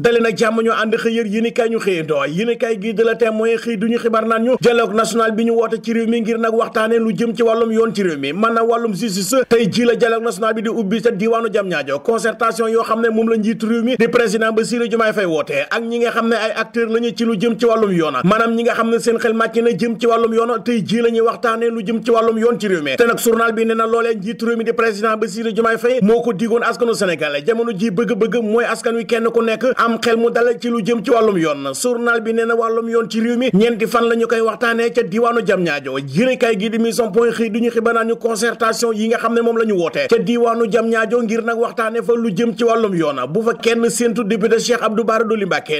dale nag jàmm ñoo ànd xëy yër yéenekaay ñu xëyandoo yéenekaay gii de la Témoin xëy duñu xibaar naan ñu dialogue national bi ñu woote ci réew mi ngir nag waxtaane lu jëm ci wàllum yoon ci réew mi maanaam wàllum justice tey ji la dialogue national bi di ubbi ca diwaanu Diamniadio concertation yoo xam ne moom la njiitu réew mi di président Bassirou woote ak ñi nga xam ne ay acteur lañu ci lu jëm ci wàllum yoon maanaam ñi nga xam ne xel màcc na jëm ci wàllum yoon tey ji la ñuy waxtaane lu jëm ci wàllum yoon ci réew mi te nag journal bi nee na loolee njiitu réew mi di président Bassirou Diomaye Faye moo ji bëgg-bëgg mooy askan wi kenn ku nekk am xel mu dalal ci lu jëm ci wàllum yoon journal bi nee na wàllum yoon ne moom la ñu wootee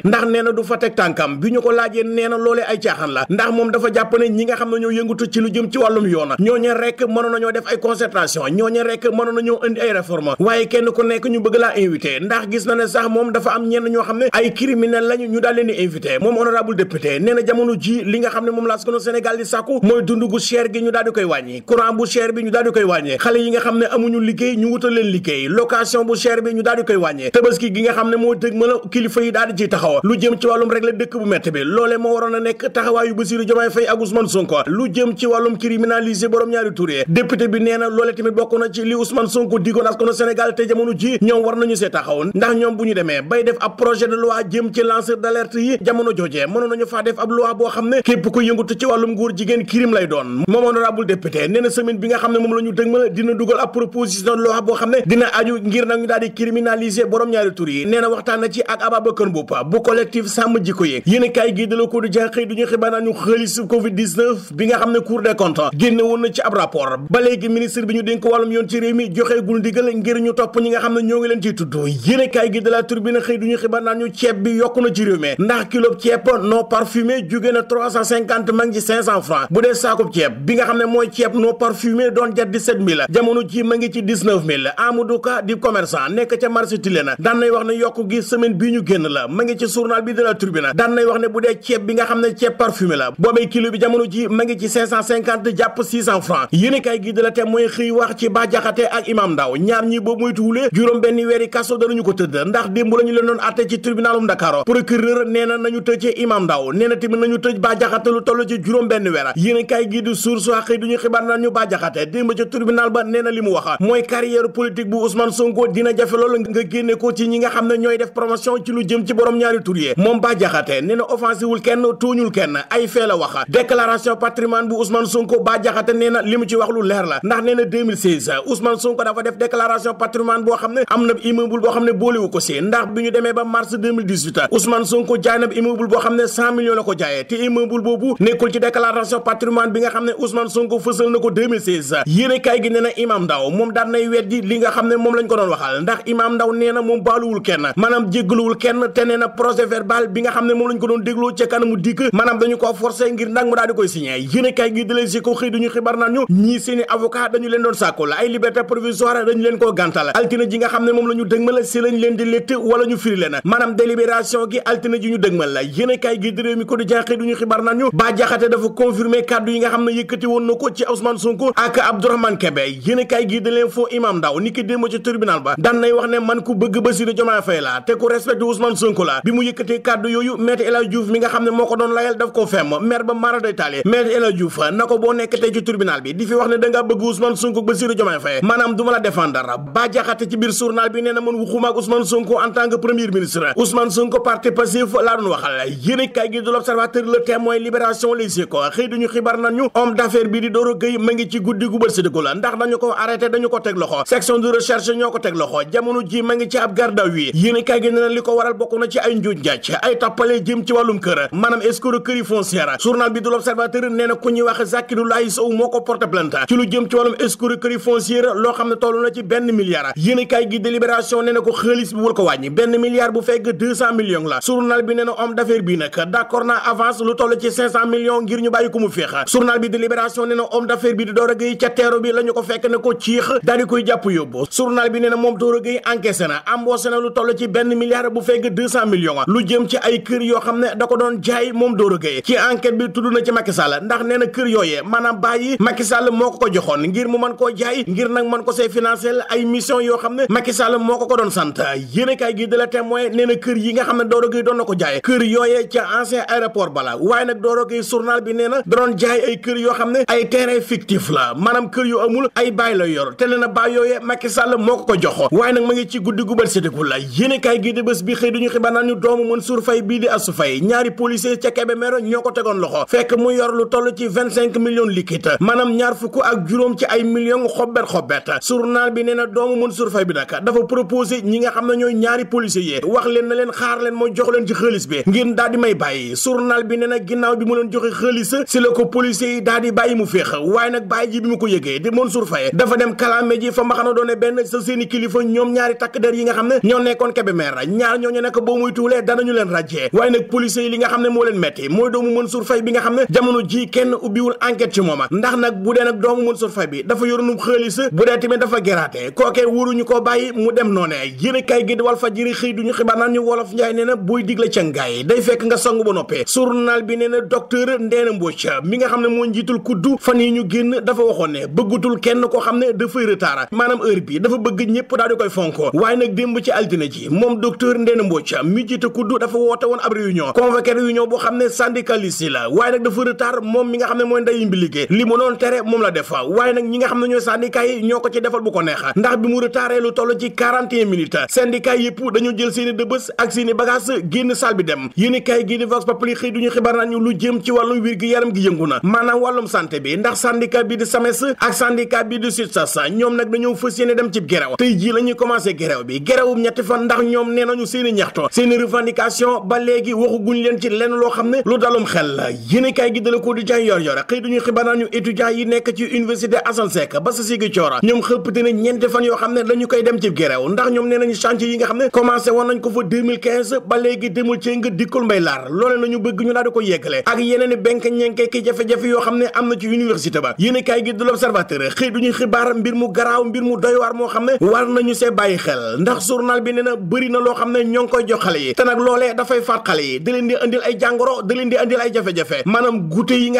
na du fa teg tànkam bi ñu ko laajee nee na ay caaxaan la ndax moom dafa jàpp ne ñi nga xam ne ñoo yëngatu ci lu jëm ci wàllum yoon ñooñu rek mënoon nañoo def ay concertation ñooñu rek mënoon nañoo indi ay réforme waaye kenn ku nekk ñu bëgg laa invité ndax gis na ne sax moom dafa am ñenn ñoo xam ne ay criminel lañu ñu daal leen di invité moom honorable député nee na jamono ji li nga xam ne moom la askanu Sénégal di sàkku mooy dund gu cher gi ñu daal di koy wàññi courant xam ne amuñu liggéey ñu wutal leen liggéey location bu cher bi ñu daal koy wàññi tabaski gi nga xam ne moo dëg ma la kilifa yi daal di ciy taxaw lu jëm ci wàllum régler dëkk bu métti bi loolee moo waroon a nekk taxawaayu Bassirou Diomaye Faye ak borom ñaari tur yi député nee na loolee tamit bokk na ci li Ousmane Sonko digoon askanu Sénégal te jamono ji ñoom war nañu see taxaw ndax ñoom bu ñu demee bay def ab projet de loi jëm ci lanceur d'alerte yi jamono jooje mënoon nañu faa def ab loi boo xam ne képp ku yëngatu ci wàllum nguur jigéen crime lay doon moom honorable député nee na semaine bi nga xam ne moom la ñu dëgmal dina dugal ab proposition de boo xam ne dina aju ngir nag ñu daal di ñaari tur yi na waxtaan na ci ak Ababacar Mboup bu collectif sàmm jikko yi yéen kaay dala ko du jaaxee du ñu xibaar xaalis covid ba naan ñu ceeb bi yokku na ci réew mi ndax kilo ceeb non parfumé jugee na trois cent cinquante ma ngi ci cinq cent francs bu dee saakub ceeb bi nga xam ne mooy ceeb non parfumé doon jar dix-sept mille jamono ji ma ngi ci dix di commerçant nekk ca marché Tilène daan nay wax ne yokku gi semaine bii ñu génn la ma ngi ci journal bi de la Tribune daan wax ne bu dee ceeb bi nga xam ne ceeb parfumé la boobee kilo bi jamono ji ma ngi ci cinq cent cinquante jàpp six cent francs yéen kay gi de te mooy xëy wax ci Bah ak Imam àtte ci tribunalum Dakar procureur nee na nañu tëj imam Ndao nee na nañu tëj Bah lu toll ci juróom benn weer yéen kay gi di source xëy duñu xibaar naan ñu démb ca tribunal ba nee na li mu wax mooy carrière politique bu Ousmane Sonko dina jafe loolu nga génne ko ci ñi nga xam ne ñooy def promotion ci lu jëm ci borom ñaari tur yi moom Bah Diakhaté nee na offensive wul kenn tooñul kenn ay fee la wax déclaration patrimoine bu Ousmane Sonko Bah Diakhaté nee li mu ci wax lu leer la ndax nee na 2016 Ousmane Sonko dafa def déclaration patrimoine boo ne am ko mars 2018 Ousmane Sonko jaay na immeuble Ndaw moom daan weddi li nga xam ne moom lañ ko doon waxal ndax kenn ne moom lañ ko doon dégloo ca kanamu dikk maanaam dañu ko forcé ngir nag mu daal di koy signé yéene kaay gi dalee ko xëy duñu xibaar naan ñii seeni avocat dañu leen doon sàkkul ay liberté provisoire dañu leen koo gàntal altine ji nga xam ne moom la ñu dëgmal si lañ leen di létt wala ñu firi leen maanaam délibération gi altine ji ñu dëgmal la yéenekaay gi di réew mi ko di jaaxee duñu xibaar nañu Bah Diakhaté dafa confirmer kàddu yi nga xam ne yëkkati woon na ko ci Ousmane Sonko ak Abdourahmane Kébé Ndaw ni ki démb ci tribunal bëgg Bassirou Diomaye Faye bi mu yëkkatee kàddu yooyu Maître El Hadji Diouf mi nga xam ne moo ko doon layal daf ko femm maire ba mara day taale El Hadji Diouf na ko boo nekk tey ci tribunal bi di fi wax ne da ngaa bëgg Ousmane Sonko Bassirou Diomaye Faye maanaam du ma la défendre Bah Diakhaté bi nee na man waxuma ak Ousmane Sonko ministre Ousmane Sonko parti Pastef laa doon waxal yéenekaay gi du l'Observateur Le Témoin Libération Les Échos xëy duñu xibaar nañu homme d'affaires bi di Doro Gueye ma ngi ci guddi gu bët séddiku la ndax dañu ko arrêté dañu ko teg loxo section de recherche ñoo ko teg loxo jamono ji ma ngi ci ab garde à vue yéenekaay gi ne li ko waral bokk na ci ay njuuj njaaj ay tappale jëm ci wàllum kër maanaam escroquerie foncière journal bi du l'Observateur nee ku ñuy wax loo xam ne toll na ci benn milliard yéenekaay gi délibération benn milliard bu fekk 200 millions la journal bi nee na homme d'affaires bi nag d'accord na avance lu toll ci 500 millions ngir ñu bàyyi ko mu féex journal bi di libération nee na homme d'affaires di Doro Gueye ca teeru bi la ko fekk ne ko ciix daal koy jàpp yóbbu journal bi nee moom Doro Gueye encaissé na embauché na lu toll ci benn milliard bu fekk 200 millions lu jëm ci ay kër yoo xam ne da ko doon jaay moom doo Gueye ci enquête bi tudd na ci Macky Sall ndax nee na kër yooyee maanaam bàyyi Macky moo ko joxoon ngir mu mën koo jaay ngir nag mën ko see financer ay mission yoo xam ne Macky Sall moo ko ko doon sant yéenekaay nee na kër yi nga xam ne Doro Gueye doon na ko jaaye kër yooyee ca ancien aéroport bala waaye nag Doro Gueye journal bi nee na da doon ay kër yoo xam ne ay terrain fictif la maanaam kër yu amul ay baay la yor te na baay yooyee Macky Sall moo ko ko jox waaye nag ma ci guddi gu bët séddiku la yéene gi di bi xëy duñu xibaar naan ñu doomu Mansour Faye bii di Assou Faye ñaari policier ca Kébémer ñoo ko tegoon loxo fekk mu yor lu toll ci vingt cinq millions liquide maanaam ñaar fukk ak juróom ci ay millions xobbet xobbet journal bi nee na doomu Mansour Faye bi nag dafa proposé ñi nga xam ne ñooy ñaari policier yi wax leen na leen xaar leen mooy jox leen ci xaalis bi ngeen daal di may bàyyi journal bi nee na ginnaaw bi mu leen joxe xaalis si la ko policiers yi daal di bàyyi mu féex waaye nag bàyyi ji bi mu ko yëgee di Mansour Faye dafa nga xam ne ñoo nekkoon Kébémer ñaar ñoo ñu nekk leen ràjjee waaye nag policiers yi li nga ne moo leen metti mooy doomu Mansour Faye bi nga xam ne jamono ji kenn ubbiwul enquête ci mooma ndax nag bu dee nag doomu Mansour Faye bi dafa yoronum xaalis bu dee tamit dafa geraate kookee wuruñu ko bàyyi mu dem noone yéen kay xibaar naan ñu wolof njaay nee na buy digle cangaay day fekk nga sangu ba noppee journal bi nee na docteur Ndeena Mbodj mi nga xam ne moo njiitul kuddu fan yi ñu génn dafa waxoon ne bëggatul kenn koo xam ne dafay retard maanaam heure bi dafa bëgg ñëpp daal di koy fonko waaye nag démb ci altine ji moom docteur Ndeena Mbodj mi jiite kuddu dafa woote woon ab réunion convoqué réunion boo xam ne syndicaliste yi la waaye nag dafa retard moom mi nga xam ne mooy nday bi liggéey li mu doon tere moom la def waaye nag ñi nga xam ne ñooy syndicat yi ñoo ko ci defal bu ko neex ndax bi mu retardé lu toll ci 41 minutes syndicat yëpp dañu jël seen génne dëbës ak seeni bagage génn salle bi dem yéen kaay gi di vox populi xëy duñu xibaar naan lu jëm ci wàllum wér gi yaram gi yëngu na maanaam wàllum santé bi ndax syndicat bi di SAMES ak syndicat bi di SUTSAS ñoom nag dañoo fës yéene dem ci gerew tey jii la ñuy commencé bi gerewum ñetti fan ndax ñoom nee nañu seeni ñaxto seeni revendication ba léegi waxuguñ leen ci lenn loo xam ne lu dalum xel la yéen kaay gi dala di jaay yor yor nañ ko fa 2015 ba léegi demul ci nga dikkul mbay laar loole la bëgg ñu daal di ko yeggale ak yeneen i benk jafe-jafe yoo xam ne am na ci université ba yéen kaay gi du l'observateur xëy duñuy xibaar mbir mu garaaw mbir mu doy moo xam ne war nañu see bàyyi xel ndax journal bi nee na bëri na loo xam ne ñoo koy jox xale yi te nag loolee dafay faat xale yi da leen di ay jàngoro da leen di ay jafe-jafe maanaam goûter yi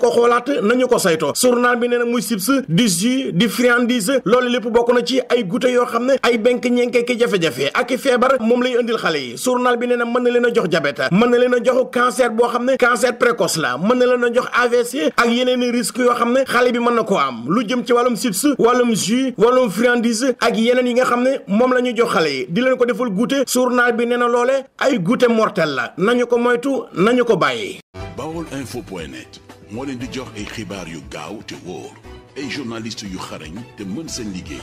ko xoolaat nañu na muy chips di jus di friandise loolu lépp na ci ay yoo xam ne ay benk ñenke ki jabet ak i feebar moom lay indil xale yi journal bi nee mën na leen a jox jabet mën na leen a jox cancer boo xam ne cancer précoce la mën na leen a jox AVC ak yeneen i risques yoo xam ne xale bi mën na koo am lu jëm ci wàllum chips wàllum jus wàllum friandise ak yeneen yi nga xam ne moom la ñu jox xale yi di leen ko defal goûter journal bi nee na loole ay goûter mortel la nañu ko moytu nañu ko bàyyi. Baolinfo.net moo leen di jox ay xibaar yu gaaw te wóor ay journaliste yu xarañ te mën seen liggéey.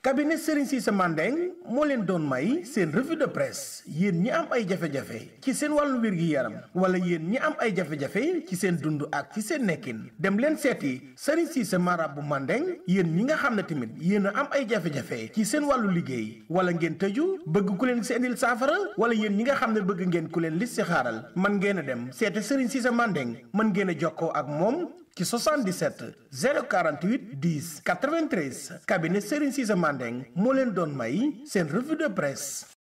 cabinet Serigne Cissé Mandeng moo leen doon may seen revue de presse yéen ñi am ay jafe-jafe ci seen wàllu wér gi yaram wala yéen ñi am ay jafe-jafe ci seen dund ak ci seen nekkin dem leen seeti Serigne Cissé bu Mandeng yéen ñi nga xam ne tamit yéen a am ay jafe-jafe ci seen wàllu liggéey wala ngeen tëju bëgg ku leen si indil saafara wala yéen ñi nga xam ne bëgg ngeen ku leen lis si man ngeen a dem seeti Serigne Cissé Mandeng mën ngeen a jokkoo ak moom ci 77 048 10 93 cabinet Serigne Cissé Mandeng moo leen doon may seen revue de presse.